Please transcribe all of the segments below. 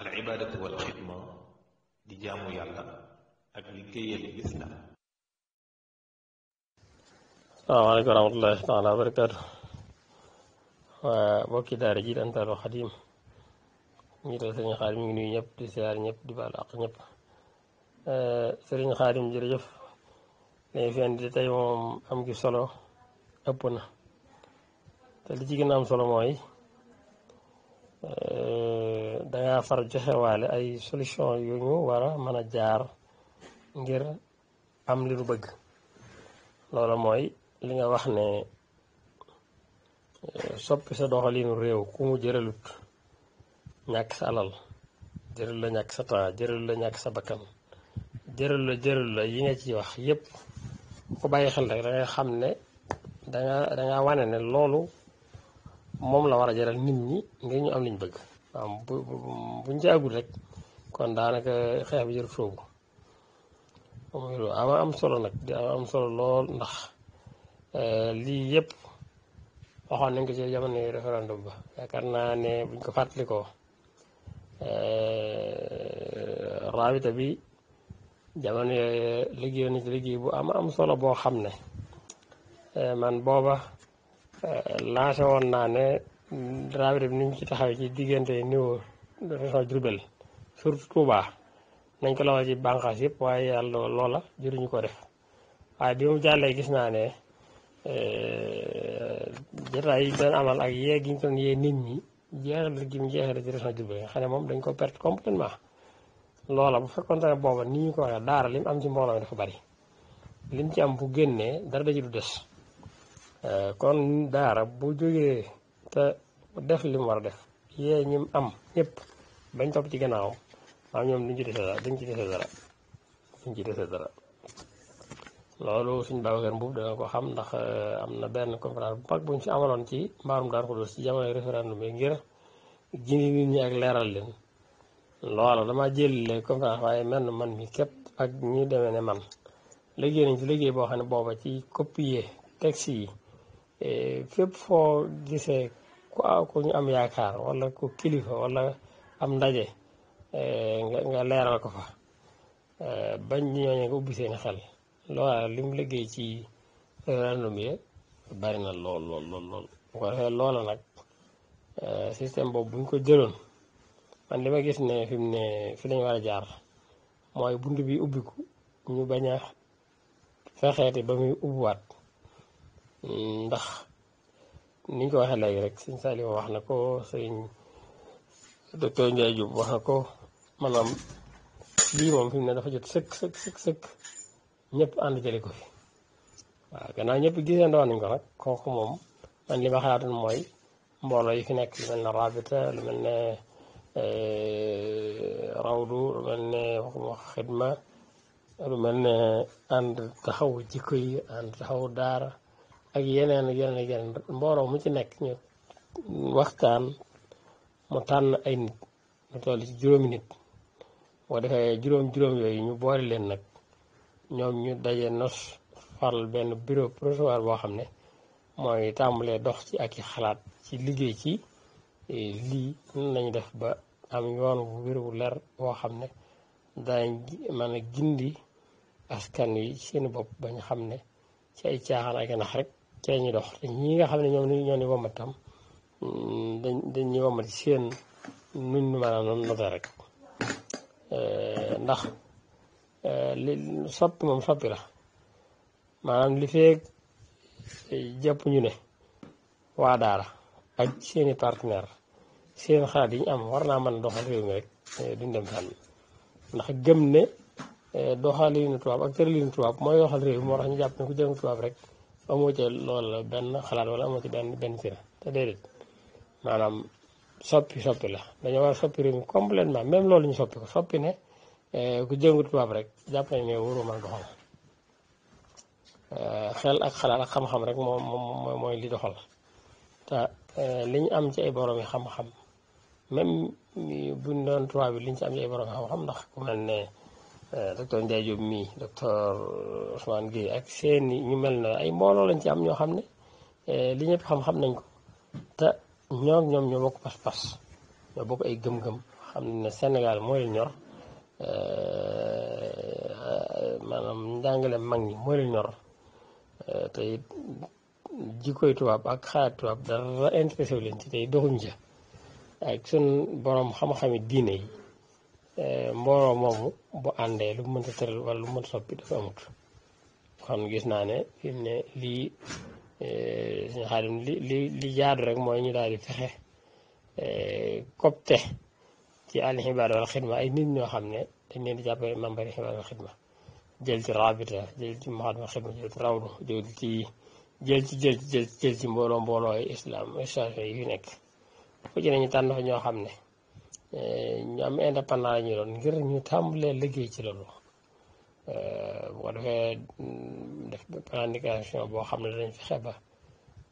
al ibaadatu wal xidma di jaamu yàlla ak liggéeyal lislaam salaamaaleykum wa rahmatullahi taala wa bokki daara ji Ansaarul Xadim njiital sëriñ Xaadim mi ngi nuyu ñëpp di siyaar ñëpp di baal àq ñëpp sëriñ Xaadim jërëjëf lañu fi andi tey moom am gi solo ëpp na te li ci gën am solo mooy dangaa far joxewaale ay solution yu ñu war a mën a jaar ngir am li nu bëgg loola mooy li nga wax ne soppi sa doxalinu réew ku mu jëralut ñàkk sa alal jëral la ñàkk sa temps jëral la ñàkk sa bakkan jëral la jëral la yi nga ci wax yépp ku bàyyi xel rek da xam ne danga danga wane ne loolu moom la war a jaral nit ñi ngir ñu am liñ bëgg waaw bu buñ ci àggul rek kon daanaka xeex bi jëru soobu ama am solo nag di ama am solo lool ndax eh, lii yëpp waxoon nañ ko ci jamono yi référendum ba yaakaar naa ne buñ ko fàttalikoo eh, raabita bi jamono yooyu liggéeyoon na ci liggéey bu ama am solo boo xam ne eh, man booba lancé woon naa ne Raabita bi ni ñu ci taxawee ci diggante niveau région Diourbel surtout Touba nañ ko lawal ci bànqaas yëpp waaye yàlla loola jëriñu ko def waaye bi mu jàllee gis naa ne e, jotaay yi doon amal ak yee gi ñu yee nit ñi jeexal gi mu jeexal ci région Diourbel xam moom dañ ko perte complètement loola bu fekkoon ne booba ni ñu ko waxee daara lim am ci mbooloo mi dafa bari lim ci am bu génnee dara da ci du des. Eh, kon daara bu jógee te def li war a def yee ñim am ñëpp bañ topp ci gannaawam waaw ñoom duñ ci dese dara duñ ci dese dara dara loolu suñ Babacar Mbuub danga ko xam ndax eh, am na benn conférence bu mag buñ ci amaloon ci mbaarum Daaru Xudoos ci jamono référendum yi ngir gindi nit ñi ak leeral leen loola damaa jël conférence waaye mel man mi képp ak ñi demee ne man liggéey nañ ci liggéey boo xam ne booba ci copier texte yi fépp foo gisee ku ku ñu am yaakaar wala ku kilifa wala am ndaje eh, nga leeral ko fa eh, bañ ñooñu nga ubbi seen xel loola li mu liggéey ci référendum yi bari na lool lool lool bu ko defee loola nag eh, système boobu buñ ko jëloon man li ma gis ne fi ne fi lañ war a jaar mooy bunt bi ubbiku ñu bañ fexeeti ba muy ubbiwaat ndax niñ ko waxee léegi rek sëñ Saliou wax na ko sëñ docteur Ndiaye Diop wax na ko maanaam lii moom fi mu ne dafa jot sëkk sëkk sëkk sëkk ñëpp ànd jëli ko fi waaw gannaaw ñëpp gisee ndaw nañ ko nag kooku moom man li ma xalaatoon mooy mbooloo yi fi nekk lu mel ne rabita lu mel ne eh, rawdu lu mel ne xidma lu mel ne ànd taxaw jikko yi ànd taxaw daara ak yeneen ak yeneen ak yeneen mbooloo mu ci nekk ñu waxtaan mu tànn ay nit ñu toll ci juróomi nit boo defee juróom-juróom yooyu ñu boole leen nag ñoom ñu daje nos faral benn bureau provisoire boo xam ne mooy tàmbulee dox ci ak i xalaat ci liggéey ci e, lii nañu def ba am yoon wu wér wu leer boo xam ne daañ mën a gindi askan wi seen bopp ba ñu xam ne ci ay caaxaan ak nax rek cee ñu dox te ñi nga xam ne ñoom ñoo ni wommat tam mm, dañ dañ ñu wommat ci seen nuñ maanaam noonu note rek eh, ndax eh, li soppi moom soppi la maanaam li feeg eh, jàpp ñu ne waa daara ak seeni partenaire seen xalaat yi ñu am war naa mën a doxal réew mi rek duñ dem fànn ndax gëm ne doxalinu tubaab ak tëralinu tubaab mooy doxal réew mi moo tax ñu jàpp ne ku jàng tubaab rek amoo lool la benn xalaat wala amoo ci benn benn fira te déedéet maanaam soppi soppi la dañoo war a soppi réew mi complètement même loolu ñu soppi ko soppi ne eh, ku jëngu tubaab rek jàpp nañ ne wóoru mën doxal eh, xel rek moom mooy li doxal te eh, li ñu am ci ay borom yi xam-xam même buñ doon tubaab bi li ci am ci ay borom xam-xam ndax ku mel ne Euh, docteur Ndiaye Diop mii docteur euh, Ousmane Guèye ak seeni ñu mel na ay mbooloo lañ ci am ñoo xam ne euh, li ñëpp xam-xam nañ ko te ñoo ñoom ñoo bokk pas-pas ñoo bokk ay gëm-gëm xam ne Sénégal mooy leen ñor maanaam njàngale mag ñi mooy leen ñor te it jikkoy tubaab ak xalaat tubaab dara intéressé wu leen ci tey doxuñ ja ak sun borom xam-xami diine yi Eh, mbooloo moomu bu àndee lu mënta tëral wala lu mënta soppi dafa amut kon gis naa ne fi ne lii eh, suñu xaadim li li li jaadu rek mooy ñu daal di fexe eh, copte ci al xibaar wal xidma ay nit ñoo xam ne dañ leen di jàppale membari xibaar wal xidma jël ci rabita jël ci maxadma xidma jël ci rawdu jël ci jël ci jël ci jël mbooloo mbooloo yi islam station yi nekk fu ci nañu tànn fa ñoo xam ne Eh, ñu am indépendant la ñu doon ngir ñu tàmbalee liggéey ci loolu eh, bu ko defee mm, def boo xam ne dañ fexe ba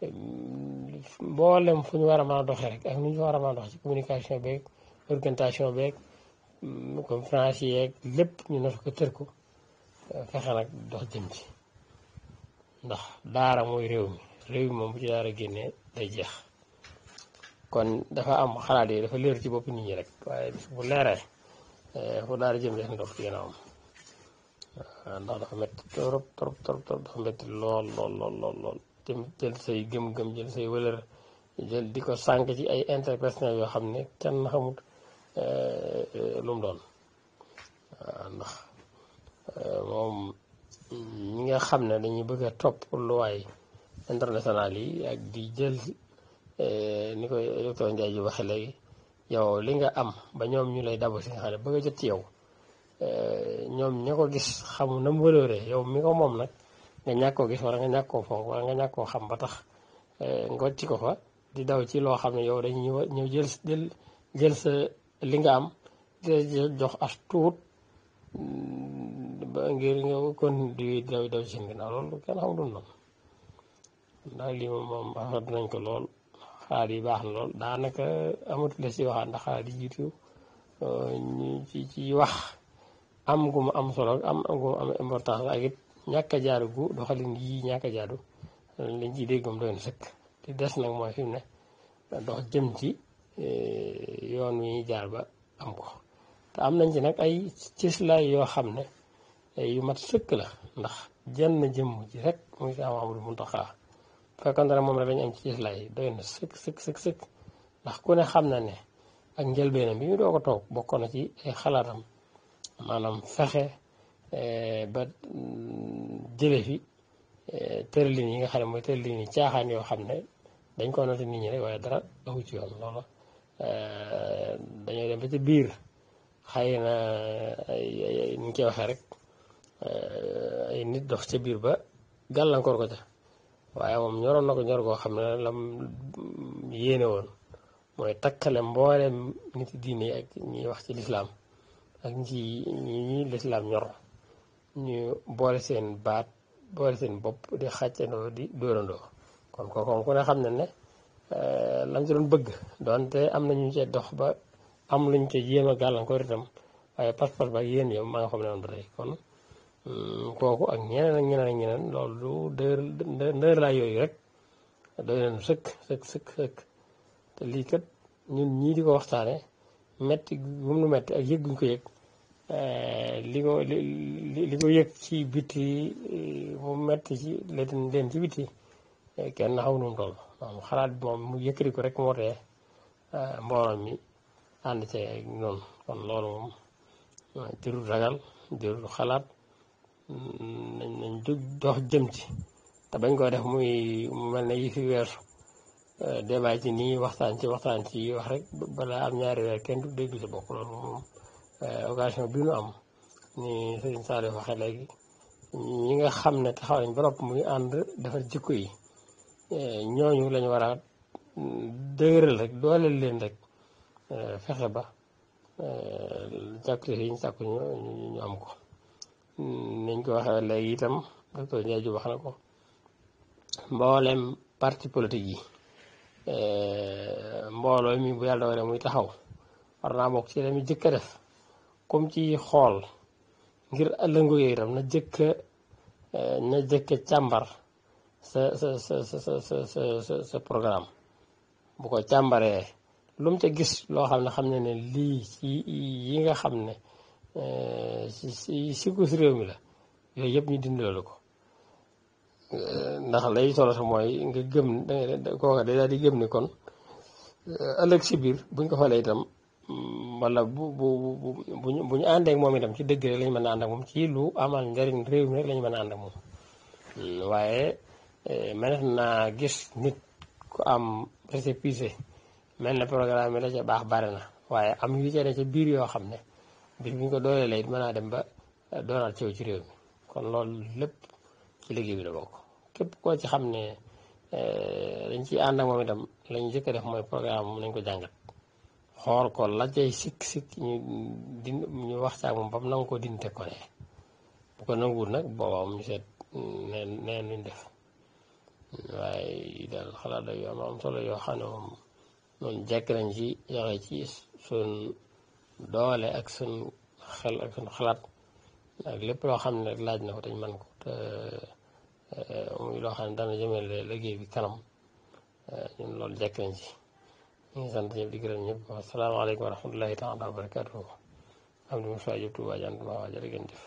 mm, mboolem fu ñu war a mën a doxee rek ak nu ñu war a mën a dox ci communication beeg organisation beeg mm, conférence yeeg lépp ñu not ko tër ko eh, fexe nag dox jëm ci ndax daara mooy réew mi réew mi moom bu ci daara génnee day jeex kon dafa am xalaat yi dafa leer ci bopp nit ñi rek waaye bis bu leeree eh, fu daal di jëm rek ndox ci ginnaawam ndax dafa métti trop jël say gëm-gëm jël say wëlër di ko sànq ci ay interpersonnel yoo xam ne kenn xamut eh, eh, lu mu doon ndax moom ñi nga xam ne dañuy bëgg a topp luwaay international yi ak di jël Eh, ni koy docteur Ndiaye ji waxee léegi yow li nga am ba ñoom ñu lay dabu si nga xam ne bëgg a jot ci yow eh, ñoom ña ko gis xamu na mu wëloolee yow mi ko moom nag nga ñàkk koo gis wala nga ñàkk koo fonk wala nga ñàkk xam ba tax eh, nga ci ko fa di daw ci loo xam ne yow dañuy ñëw ñëw jël sa li nga am di jox as tuut ba ngir nga kon di daw daw ci seen ginnaaw loolu kenn xamul noonu daal lii moom moom dinañ ko lool. xaar yi baax na lool daanaka amatul la si waxaat ndax xaar jiitu euh, ñu ci wax am gu am solo am gu am importance ak it ñàkk a jaadu doxalin yii ñàkk a lañ ci déggum doy na sëkk li des nag mooy fi mu ne dox jëm ci euh, yoon wi ñuy jaar ba am ko te am nañ ci nag ay cëslaay yoo xam ne yu mat sëkk la ndax na jëmm ci rek muy Seex Muhammadul Muntaxaa fekkoon dara moom rek lañu am ci cëslaay yi doy na sëkk sëkk sëkk sëkk ndax ku ne xam na ne ak njëlbeenam bi mu doo ko toog bokkoon na ci ay eh, xalaatam maanaam fexe eh, ba mm, jële fi eh, tërëlin yi nga xam ne mooy tërëlin yi caaxaan yoo xam ne dañ ko nota nit ñi rek waaye dara awu ci yoon loola dañoo dem ba ca biir xëy na ay ni ñu waxee rek ay nit dox ca biir ba gàllankoor ko ca waaye moom ñoroon na ko ñor koo xam ne lam yéene woon mooy takkale mboolem nit diine yi ak ñiy wax ci lislaam ak ñi ñi lislaam ñor ñu boole seen baat boole seen bopp di xàccandoo di dóorandoo kon kooku moom ku ne xam ne ne euh, lañ ci doon bëgg doonte am na ñu cee dox ba am luñ ca jéem a gàllankoor itam waaye pas-pas ba ak yéen yow maa nga xam ne woon ba tey kon kooku ak ñeneen ak ñeneen ak ñeneen loolu dër dër laa yooyu rek doy leen sëkk sëkk sëkk sëkk te lii kat ñun ñii di ko waxtaane metti bu mu metti ak yëg guñ ko yëg eh, li ko li ko yëg ci biti eh, mu metti ci leen leen ci biti eh, kenn xaw num toll moom xalaat bi moom mu yëkkati ko rek moo tee mbooloo mi ànd ci noonu kon loolu moom jërul ragal jërul xalaat nañ nañ jóg dox jëm ci te bañ koo def muy mu mel ne yi fi weesu euh, débat ci nii waxtaan ci waxtaan ci wax rek balaa am ñaari weer kenn du dégg si bopp loolu moom euh, occasion bi nu am ni Sëriñ Saliou waxe léegi ñi nga xam ne taxaw nañ ba nopp muy ànd defar jikko yi euh, ñooñu lañu war a rek dooleel leen rek fexe ba jàkkle yi ñu sàkku ñu ñu am ko niñ ko waxee léegi itam docteur Ndiaye wax na ko mboolem parti politique yi eh, mbooloo mi bu yàlla doore muy taxaw war naa bokk ci lamu jëkk a def comme ci xool ngir ëllëngo yooyu itam na jëkka eh, na jëkka càmbar sa sa sa sa sa sa programme bu ko càmbaree lu mu ca gis loo xam ne xam ne ne lii yi nga xam ne si sikkus réew mi la yooyu yëpp ñu dindilalu ko ndax lay solo sa mooy nga gëm danga kooka day daal di gëm ni kon ëllëg si biir buñ ko falee itam wala bu bu bu bu ñu àndee ak moom itam ci dëgg rek lañ mën a ànd moom ci lu amal njariñ réew mi rek lañ mën a ànd moom waaye mënees naa gis nit ku am récépissé mel na programme yi la ca baax bari na waaye am yu ca ne ca biir yoo xam ne bis bu ko dooleelee it mën naa dem ba eh, doonaat cëw ci réew mi kon loolu lépp ci liggéey bi la bokk képp koo ci xam ne eh, dañ ci ànd ak moom itam lañ jëkk def mooy programme mu nañ ko jàngat xool ko la cay sikk sikk ñu din wax saak moom ba mu nangu ko dindi teg ko ne bu ko nanguwul nag booba ñu seet neen neen def waaye daal xalaat la yu solo yoo xam ne moom noonu jekk nañ ci joxe ci sun doole ak suñ xel suñ xalaat ak lépp loo xam ne laaj na ko te ñu man ko te euh, muy loo xam ne dana jëmale liggéey bi kanam euh, ñun loolu jekk ji ci ñu ngi sant ñëpp di gërëm ñëpp wasalaamaaleykum wa rahmatullahi taala wa barakatuhu am di Moussa Diop Touba Diagne Touba waa jërë ngeen jëf